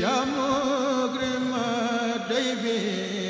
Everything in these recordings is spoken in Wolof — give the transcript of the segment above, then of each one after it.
يا مكرم ضيفي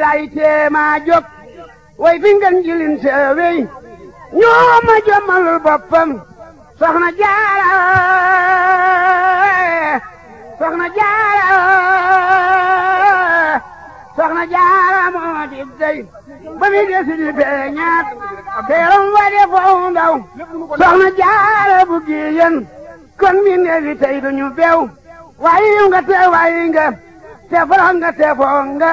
lay teema jóg way fi ngeen jilin seewey ñoo ma jommalul boppam soxna jaara soxna jaara moo di dey ba mi desi di beeñaat teeram wa de foofu ndaw soxna jaara bu giyen kon mi neefi tey duñu bew waayi nga te waayi te forox nga te foog nga